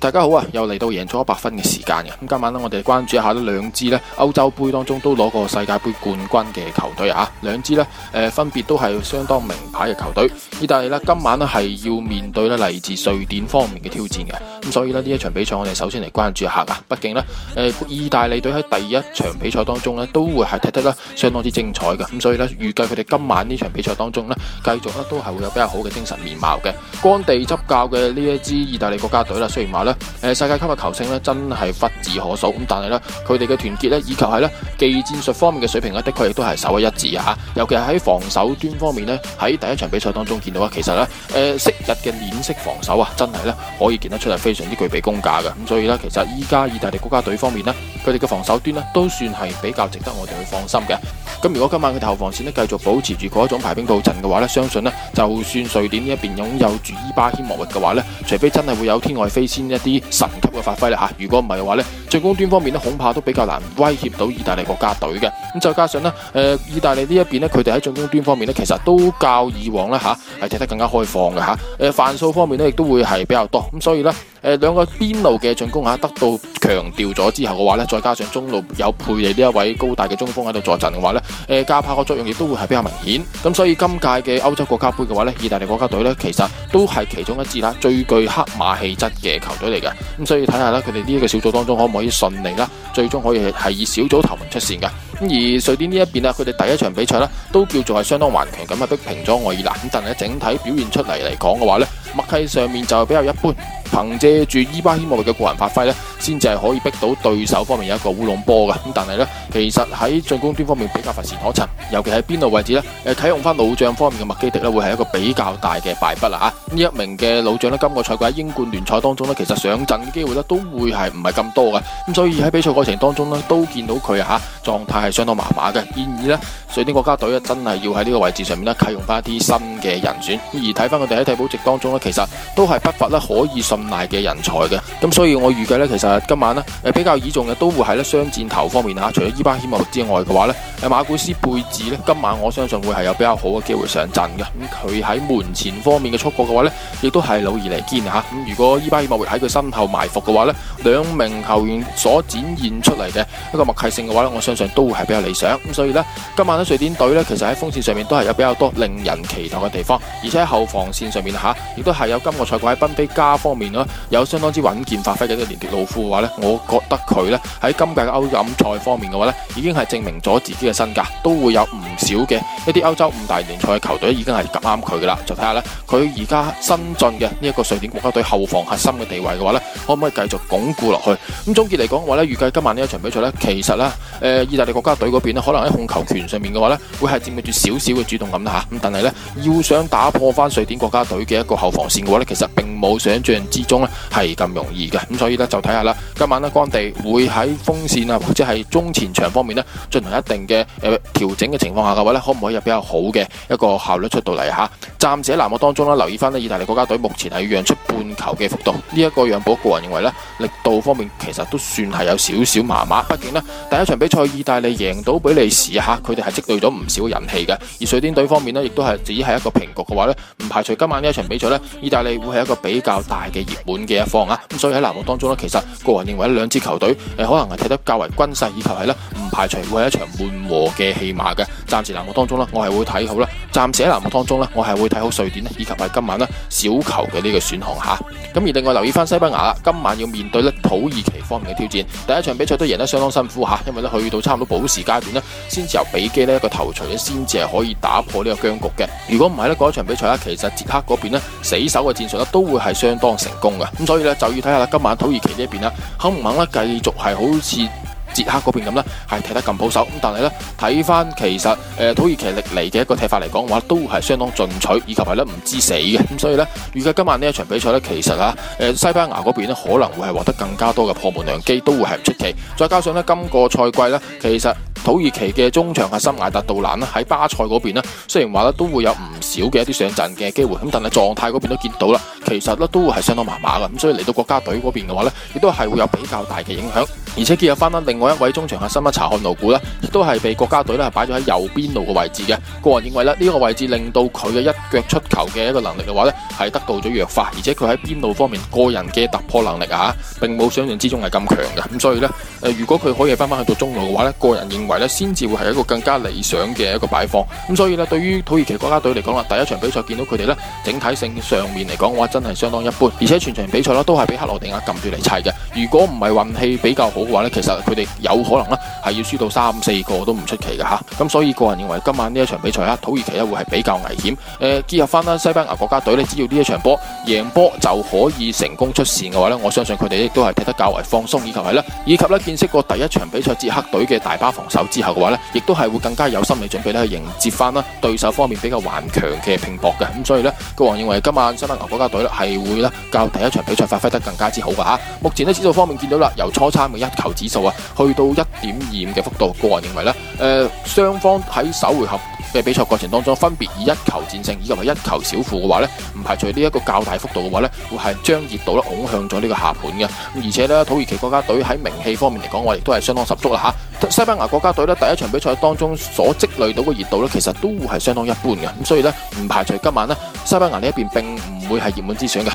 大家好啊！又嚟到贏足 100FUN 嘅時間嘅咁今晚咧，我哋關注一下咧兩支咧歐洲杯當中都攞過世界盃冠軍嘅球隊啊！兩支咧誒分別都係相當名牌嘅球隊。意大利咧今晚咧係要面對咧嚟自瑞典方面嘅挑戰嘅咁，所以呢，呢一場比賽我哋首先嚟關注一下啊！畢竟咧誒意大利隊喺第一場比賽當中咧都會係踢得咧相當之精彩嘅咁，所以呢，預計佢哋今晚呢場比賽當中咧繼續咧都係會有比較好嘅精神面貌嘅。干地執教嘅呢一支意大利國家隊啦，雖然話咧。誒，世界級嘅球星咧，真係屈指可數。咁但係咧，佢哋嘅團結咧，以及係咧技戰術方面嘅水平咧，的確亦都係首屈一指。啊。尤其係喺防守端方面咧，喺第一場比賽當中見到啊，其實咧，誒、呃、昔日嘅鏈式防守啊，真係咧可以見得出係非常之具備功架嘅。咁所以咧，其實依家意大利國家隊方面咧，佢哋嘅防守端咧，都算係比較值得我哋去放心嘅。咁如果今晚佢後防線呢，繼續保持住嗰一種排兵佈陣嘅話呢，相信咧，就算瑞典呢一邊擁有住伊巴謙莫域嘅話呢，除非真係會有天外飛仙一啲神級嘅發揮啦、啊、如果唔係嘅話呢。進攻端方面咧，恐怕都比較難威脅到意大利國家隊嘅。咁再加上呢，誒、呃，意大利呢一邊呢，佢哋喺進攻端方面呢，其實都較以往呢，吓、啊、係踢得更加開放嘅吓。誒、啊，範數方面呢，亦都會係比較多。咁、啊、所以呢，誒，兩個邊路嘅進攻吓得到強調咗之後嘅話呢，再加上中路有配備呢一位高大嘅中鋒喺度助陣嘅話呢，誒、呃，加炮嘅作用亦都會係比較明顯。咁所以今屆嘅歐洲國家杯嘅話呢，意大利國家隊呢，其實都係其中一支啦最具黑馬氣質嘅球隊嚟嘅。咁所以睇下呢，佢哋呢一個小組當中可唔可？可以順利啦，最終可以係以小組頭名出線嘅。咁而瑞典呢一邊咧，佢哋第一場比賽咧都叫做係相當頑強咁啊逼平咗愛爾蘭。咁但係整體表現出嚟嚟講嘅話咧，默契上面就比較一般。憑借住伊巴希莫嘅個人發揮咧，先至係可以逼到對手方面有一個烏龍波嘅。咁但係咧，其實喺進攻端方面比較乏善可陳，尤其係邊路位置咧，誒啟用翻老將方面嘅麥基迪咧，會係一個比較大嘅敗筆啦嚇。呢、啊、一名嘅老將咧，今個賽季喺英冠聯賽當中咧，其實上陣機會咧都會係唔係咁多嘅。咁所以喺比賽過程當中咧，都見到佢嚇、啊、狀態係相當麻麻嘅。建議咧，瑞典國家隊咧真係要喺呢個位置上面咧啟用翻一啲新嘅人選。而睇翻佢哋喺替補席當中咧，其實都係不乏咧可以咁大嘅人才嘅，咁所以我預計呢，其實今晚呢，誒比較倚重嘅都會喺呢雙箭頭方面吓，除咗伊巴希莫之外嘅話呢，馬古斯貝治呢，今晚我相信會係有比較好嘅機會上陣嘅。咁佢喺門前方面嘅觸角嘅話呢，亦都係老而彌堅吓。咁、啊、如果伊巴希莫會喺佢身後埋伏嘅話呢，兩名球員所展現出嚟嘅一個默契性嘅話呢，我相信都會係比較理想。咁所以呢，今晚呢瑞典隊呢，其實喺鋒線上面都係有比較多令人期待嘅地方，而且喺後防線上面吓，亦都係有今個賽季喺賓菲加方面。有相當之穩健發揮嘅呢個連迪老夫嘅話咧，我覺得佢咧喺今屆嘅歐錦賽方面嘅話咧，已經係證明咗自己嘅身價，都會有唔少嘅一啲歐洲五大聯賽嘅球隊已經係夾啱佢噶啦，就睇下咧，佢而家新進嘅呢一個瑞典國家隊後防核心嘅地位嘅話咧，可唔可以繼續鞏固落去？咁總結嚟講嘅話咧，預計今晚呢一場比賽呢，其實呢，誒、呃，意大利國家隊嗰邊呢，可能喺控球權上面嘅話呢，會係佔據住少少嘅主動咁吓。咁但係呢，要想打破翻瑞典國家隊嘅一個後防線嘅話呢，其實並冇想象之中呢係咁容易嘅。咁所以呢，就睇下啦，今晚呢，干地會喺鋒線啊，或者係中前場方面呢，進行一定嘅誒調整嘅情況下嘅話呢，可唔可以有比較好嘅一個效率出到嚟吓？暫時喺藍幕當中呢，留意翻呢意大利國家隊目前係要讓出半球嘅幅度，呢、這、一個讓步認為呢力度方面其實都算係有少少麻麻，畢竟呢第一場比賽意大利贏到比利時啊，佢哋係積累咗唔少人氣嘅。而瑞典隊方面亦都係只係一個平局嘅話呢，唔排除今晚呢一場比賽咧，意大利會係一個比較大嘅熱門嘅一方啊。咁所以喺欄目當中呢，其實個人認為兩兩支球隊誒、呃，可能係踢得較為均勢，以及係咧。排除會係一場悶和嘅戲碼嘅，暫時欄目當中呢，我係會睇好啦。暫時喺欄目當中呢，我係會睇好瑞典咧，以及係今晚呢小球嘅呢個選項吓。咁而另外留意翻西班牙啦，今晚要面對咧土耳其方面嘅挑戰，第一場比賽都贏得相當辛苦吓，因為咧去到差唔多補時階段呢，先至由比基呢一個頭槌先至係可以打破呢個僵局嘅。如果唔係呢，嗰一場比賽呢，其實捷克嗰邊呢死守嘅戰術咧都會係相當成功嘅。咁所以呢，就要睇下今晚土耳其呢一邊啦，肯唔肯咧繼續係好似。捷克嗰邊咁咧，係踢得咁保守，咁但係咧睇翻其實誒、呃、土耳其歷嚟嘅一個踢法嚟講嘅話，都係相當進取，以及係咧唔知死嘅，咁所以咧預計今晚呢一場比賽咧，其實啊，誒、呃、西班牙嗰邊咧可能會係獲得更加多嘅破門良機，都會係唔出奇。再加上咧今個賽季咧，其實土耳其嘅中場核心艾達杜蘭喺巴塞嗰邊呢，雖然話咧都會有唔少嘅一啲上陣嘅機會，咁但係狀態嗰邊都見到啦，其實咧都會係相當麻麻嘅，咁所以嚟到國家隊嗰邊嘅話咧，亦都係會有比較大嘅影響。而且加入翻另外一位中場核心啦查汗奴古咧，亦都係被國家隊咧擺咗喺右邊路嘅位置嘅。個人認為咧，呢個位置令到佢嘅一腳出球嘅一個能力嘅話咧，係得到咗弱化。而且佢喺邊路方面個人嘅突破能力啊，並冇想象之中係咁強嘅。咁所以咧，誒如果佢可以翻翻去到中路嘅話咧，個人認為咧先至會係一個更加理想嘅一個擺放。咁所以呢，對於土耳其國家隊嚟講啦，第一場比賽見到佢哋咧整體性上面嚟講嘅話，真係相當一般。而且全場比賽啦都係俾克羅地亞撳住嚟砌嘅。如果唔係運氣比較好。話咧，其實佢哋有可能咧係要輸到三四個都唔出奇嘅吓，咁所以個人認為今晚呢一場比賽咧，土耳其咧會係比較危險。誒、呃，結合翻啦西班牙國家隊咧，只要呢一場波贏波就可以成功出線嘅話咧，我相信佢哋亦都係踢得較為放鬆，以及係咧，以及咧見識過第一場比賽捷克隊嘅大巴防守之後嘅話咧，亦都係會更加有心理準備咧去迎接翻啦對手方面比較頑強嘅拼搏嘅。咁所以咧，個人認為今晚西班牙國家隊咧係會咧較第一場比賽發揮得更加之好嘅吓。目前咧指數方面見到啦，由初參嘅一。球指數啊，去到一點二五嘅幅度，個人認為咧，誒、呃，雙方喺首回合嘅比賽過程當中，分別以一球戰勝以及係一球小負嘅話咧，唔排除呢一個較大幅度嘅話咧，會係將熱度咧拱向咗呢個下盤嘅。而且咧，土耳其國家隊喺名氣方面嚟講，我亦都係相當十足啦吓、啊。西班牙國家隊咧，第一場比賽當中所積累到嘅熱度咧，其實都係相當一般嘅。咁所以咧，唔排除今晚呢，西班牙呢一邊並唔會係熱門之選嘅。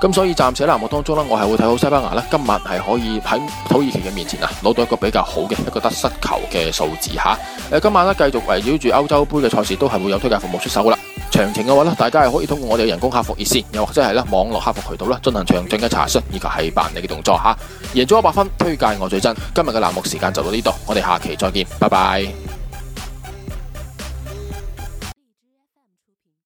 咁所以暫時咧，欄目當中咧，我係會睇好西班牙咧，今晚係可以喺土耳其嘅面前啊，攞到一個比較好嘅一個得失球嘅數字嚇。誒，今晚咧繼續圍繞住歐洲杯嘅賽事，都係會有推介服務出手噶啦。詳情嘅話咧，大家係可以通過我哋人工客服熱線，又或者係咧網絡客服渠道咧，進行詳盡嘅查詢，以及係辦理嘅動作嚇。贏足 100FUN，推介我最真。今日嘅欄目時間就到呢度，我哋下期再見，拜拜。